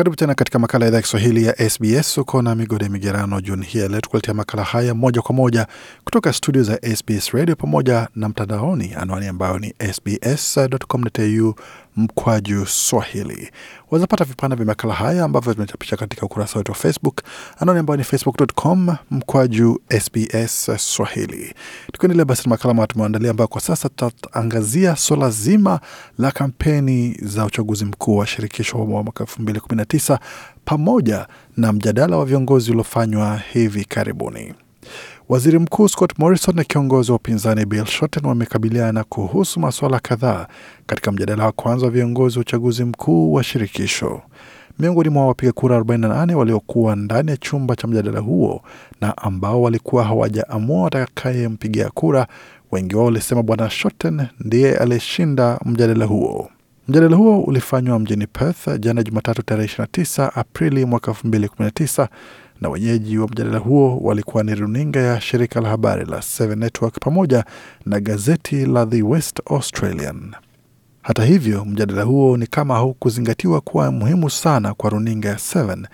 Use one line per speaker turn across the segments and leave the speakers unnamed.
Karibu tena katika makala ya idhaa ya Kiswahili ya SBS. Uko na migode migerano Juni hii leo tukuletea makala haya moja kwa moja kutoka studio za SBS Radio pamoja na mtandaoni, anwani ambayo ni sbs.com.au mkwaju Swahili. Wazapata vipande vya makala haya ambavyo tumechapisha katika ukurasa wetu wa Facebook, anaoni ambayo ni facebook.com mkwaju SBS Swahili. Tukiendelea basi na makala ambayo tumeandalia, ambayo kwa sasa tutaangazia so zima la kampeni za uchaguzi mkuu wa shirikisho wa mwaka 219 pamoja na mjadala wa viongozi uliofanywa hivi karibuni. Waziri Mkuu Scott Morrison na kiongozi wa upinzani Bill Shorten wamekabiliana kuhusu masuala kadhaa katika mjadala wa kwanza wa viongozi wa uchaguzi mkuu wa shirikisho. Miongoni mwa wapiga kura 48 waliokuwa ndani ya chumba cha mjadala huo na ambao walikuwa hawajaamua watakayempigia kura, wengi wao walisema Bwana Shorten ndiye aliyeshinda mjadala huo. Mjadala huo ulifanywa mjini Perth jana Jumatatu, tarehe 29 Aprili mwaka 2019 na wenyeji wa mjadala huo walikuwa ni runinga ya shirika la habari la Seven Network pamoja na gazeti la The West Australian. Hata hivyo, mjadala huo ni kama haukuzingatiwa kuwa muhimu sana kwa runinga ya Seven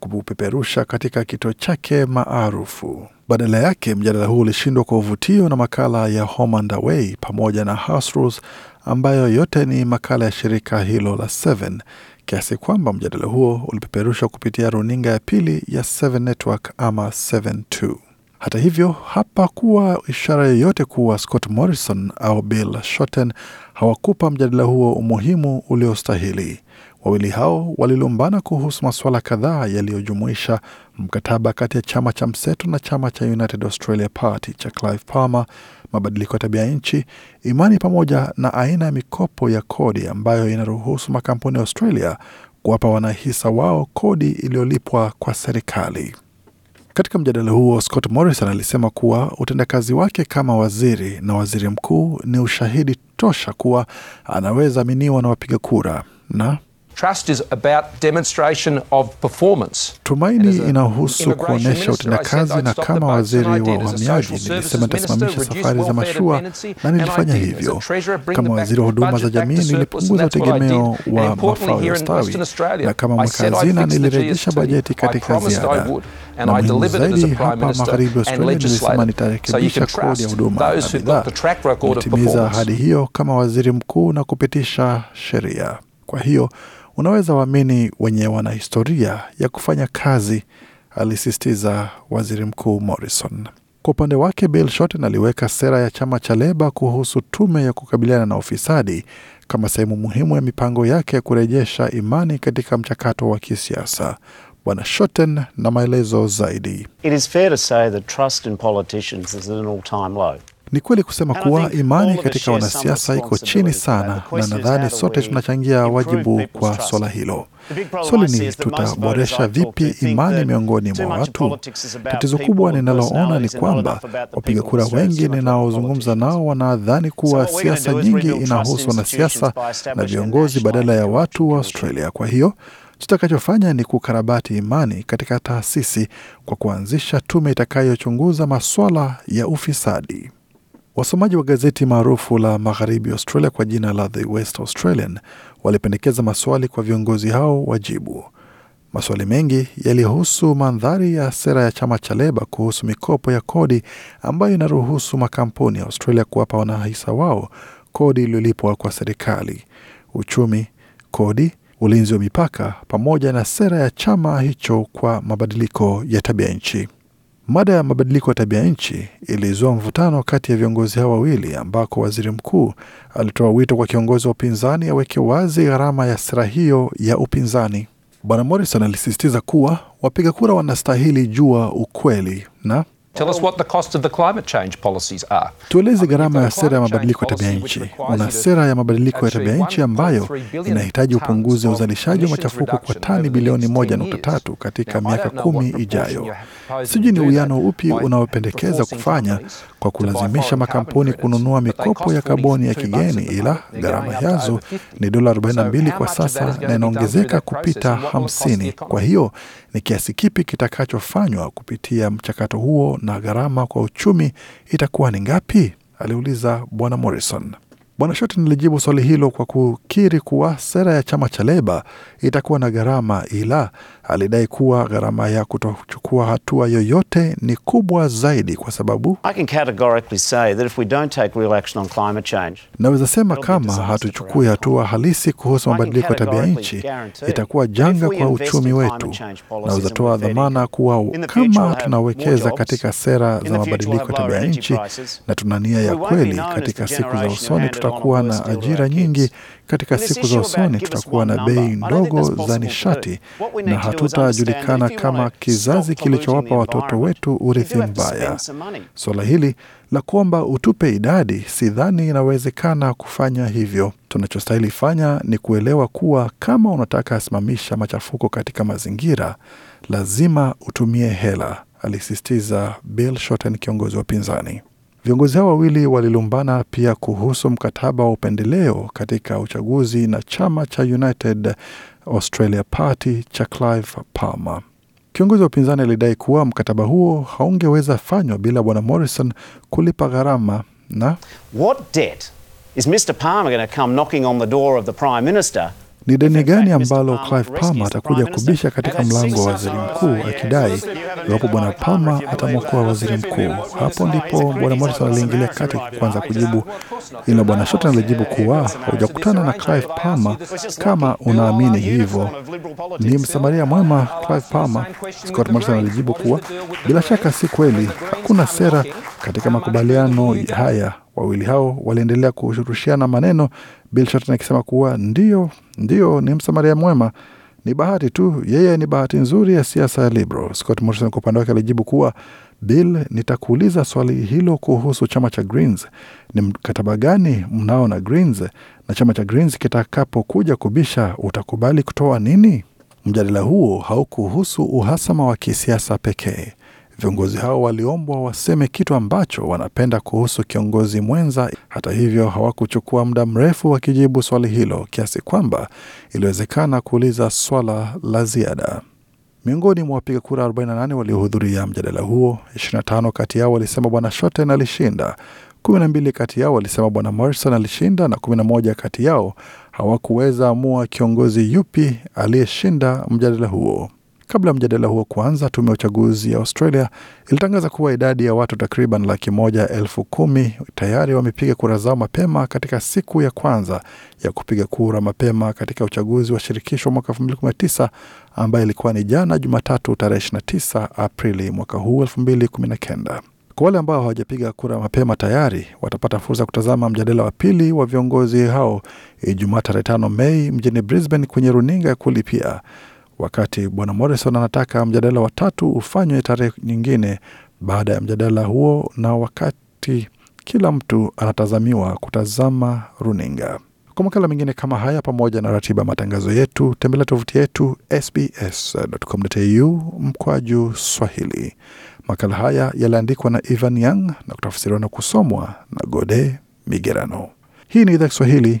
kupeperusha katika kituo chake maarufu. Badala yake, mjadala huo ulishindwa kwa uvutio na makala ya Home and Away pamoja na House Rules ambayo yote ni makala ya shirika hilo la Seven kiasi kwamba mjadala huo ulipeperushwa kupitia runinga ya pili ya 7 Network ama 72. Hata hivyo, hapakuwa ishara yoyote kuwa Scott Morrison au Bill Shorten hawakupa mjadala huo umuhimu uliostahili. Wawili hao walilumbana kuhusu masuala kadhaa yaliyojumuisha mkataba kati ya chama cha mseto na chama cha United Australia Party cha Clive Palmer, mabadiliko ya tabia nchi, imani, pamoja na aina ya mikopo ya kodi ambayo inaruhusu makampuni ya Australia kuwapa wanahisa wao kodi iliyolipwa kwa serikali. Katika mjadala huo, Scott Morrison alisema kuwa utendakazi wake kama waziri na waziri mkuu ni ushahidi tosha kuwa anaweza aminiwa na wapiga kura na Trust is about demonstration of performance. Tumaini inahusu kuonyesha utendakazi, na kama waziri wa uhamiaji nilisema nitasimamisha safari za mashua na nilifanya hivyo. Kama waziri wa huduma za jamii nilipunguza utegemeo wa mafao ya ustawi, na kama mweka hazina nilirejesha bajeti katika ziada na muhimu zaidi hapa magharibi ya Australia, nilisema nitarekebisha kodi ya huduma na bidhaa. Nilitimiza ahadi hiyo kama waziri mkuu na kupitisha sheria. Kwa hiyo unaweza waamini wenye wana historia ya kufanya kazi, alisisitiza waziri mkuu Morrison. Kwa upande wake, Bill Shorten aliweka sera ya chama cha Leba kuhusu tume ya kukabiliana na ufisadi kama sehemu muhimu ya mipango yake ya kurejesha imani katika mchakato wa kisiasa. Bwana Shorten na maelezo zaidi. It is fair to say that trust in politicians is at an all-time low. Ni kweli kusema kuwa imani katika wanasiasa iko chini sana, na nadhani sote tunachangia wajibu kwa swala hilo. Swali ni tutaboresha vipi imani miongoni mwa watu? Tatizo kubwa ninaloona ni kwamba wapiga kura wengi ninaozungumza nao wanadhani kuwa siasa nyingi inahusu wanasiasa na viongozi badala ya watu wa Australia. Kwa hiyo tutakachofanya ni kukarabati imani katika taasisi kwa kuanzisha tume itakayochunguza maswala ya ufisadi. Wasomaji wa gazeti maarufu la magharibi Australia kwa jina la The West Australian walipendekeza maswali kwa viongozi hao wajibu. Maswali mengi yalihusu mandhari ya sera ya chama cha Leba kuhusu mikopo ya kodi ambayo inaruhusu makampuni ya Australia kuwapa wanahisa wao kodi iliyolipwa kwa serikali, uchumi, kodi, ulinzi wa mipaka, pamoja na sera ya chama hicho kwa mabadiliko ya tabia nchi. Mada ya mabadiliko ya tabia nchi ilizua mvutano kati ya viongozi hao wawili ambako waziri mkuu alitoa wito kwa kiongozi wa upinzani aweke wazi gharama ya sera hiyo ya upinzani. Bwana Morrison alisisitiza kuwa wapiga kura wanastahili jua ukweli na Tueleze gharama ya sera ya mabadiliko ya tabia nchi. Una sera ya mabadiliko ya tabia nchi ambayo inahitaji upunguzi wa uzalishaji wa machafuko kwa tani bilioni 1.3 katika miaka kumi ijayo. Sijui ni uwiano upi unaopendekeza kufanya kwa kulazimisha makampuni kununua mikopo ya kaboni ya kigeni, ila gharama yazo ni dola 42 kwa sasa na inaongezeka kupita 50. Kwa hiyo ni kiasi kipi kitakachofanywa kupitia mchakato huo? na gharama kwa uchumi itakuwa ni ngapi? aliuliza Bwana Morrison. Bwana Shoti nilijibu swali hilo kwa kukiri kuwa sera ya chama cha Leba itakuwa na gharama, ila alidai kuwa gharama ya kutochukua hatua yoyote ni kubwa zaidi, kwa sababu naweza sema kama hatuchukui hatua halisi kuhusu mabadiliko ya tabia nchi itakuwa janga kwa uchumi wetu. Naweza toa dhamana kuwa kama tunawekeza katika sera za mabadiliko ya tabia nchi na tuna nia ya kweli, katika siku za usoni tuta tutakuwa na ajira nyingi katika siku za usoni, tutakuwa na bei ndogo za nishati na hatutajulikana kama kizazi kilichowapa watoto wetu urithi mbaya. Suala hili la kuomba utupe idadi, sidhani inawezekana kufanya hivyo. Tunachostahili fanya ni kuelewa kuwa kama unataka simamisha machafuko katika mazingira, lazima utumie hela, alisisitiza Bill Shorten, kiongozi wa upinzani. Viongozi hao wawili walilumbana pia kuhusu mkataba wa upendeleo katika uchaguzi na chama cha United Australia Party cha Clive Palmer. Kiongozi wa upinzani alidai kuwa mkataba huo haungeweza fanywa bila bwana Morrison kulipa gharama na What debt is Mr Palmer going to come knocking on the door of the Prime Minister ni deni gani ambalo Clive Palmer atakuja kubisha katika mlango wa waziri mkuu akidai iwapo bwana Palmer atamwokoa waziri mkuu? Hapo ndipo bwana Morrison aliingilia kati kwanza kujibu ilo. Bwana Shorten alijibu kuwa hujakutana na Clive Palmer kama unaamini hivyo, ni msamaria mwema Clive Palmer. Scott Morrison alijibu kuwa bila shaka si kweli, hakuna sera katika makubaliano haya Wawili hao waliendelea kushurushiana maneno, Bill Shorten akisema kuwa ndio, ndio ni msamaria mwema, ni bahati tu, yeye ni bahati nzuri ya siasa ya Liberal. Scott Morrison kwa upande wake alijibu kuwa Bill, nitakuuliza swali hilo kuhusu chama cha Greens. Ni mkataba gani mnao na Greens? Na chama cha Greens kitakapokuja kubisha, utakubali kutoa nini? Mjadala huo haukuhusu uhasama wa kisiasa pekee Viongozi hao waliombwa waseme kitu ambacho wanapenda kuhusu kiongozi mwenza. Hata hivyo, hawakuchukua muda mrefu wakijibu swali hilo, kiasi kwamba iliwezekana kuuliza swala la ziada. Miongoni mwa wapiga kura 48 waliohudhuria mjadala huo, 25 kati yao walisema Bwana Shoten alishinda, 12 kati yao walisema Bwana Morrison alishinda na 11 kati yao hawakuweza amua kiongozi yupi aliyeshinda mjadala huo. Kabla ya mjadala huo kuanza, tume ya uchaguzi ya Australia ilitangaza kuwa idadi ya watu takriban laki moja elfu kumi tayari wamepiga kura zao mapema katika siku ya kwanza ya kupiga kura mapema katika uchaguzi wa shirikisho mwaka 2019 ambayo ilikuwa ni jana Jumatatu tarehe 29 Aprili mwaka huu 2019. Kwa wale ambao hawajapiga kura mapema tayari watapata fursa ya kutazama mjadala wa pili wa viongozi hao Ijumaa tarehe 5 Mei mjini Brisbane kwenye runinga ya kulipia wakati bwana Morrison anataka mjadala wa tatu ufanywe tarehe nyingine baada ya mjadala huo, na wakati kila mtu anatazamiwa kutazama runinga. Kwa makala mengine kama haya, pamoja na ratiba matangazo yetu, tembelea tovuti yetu sbs.com.au mkwaju Swahili. Makala haya yaliandikwa na Ivan Young na kutafsiriwa na kusomwa na Gode Migerano. Hii ni idhaa Kiswahili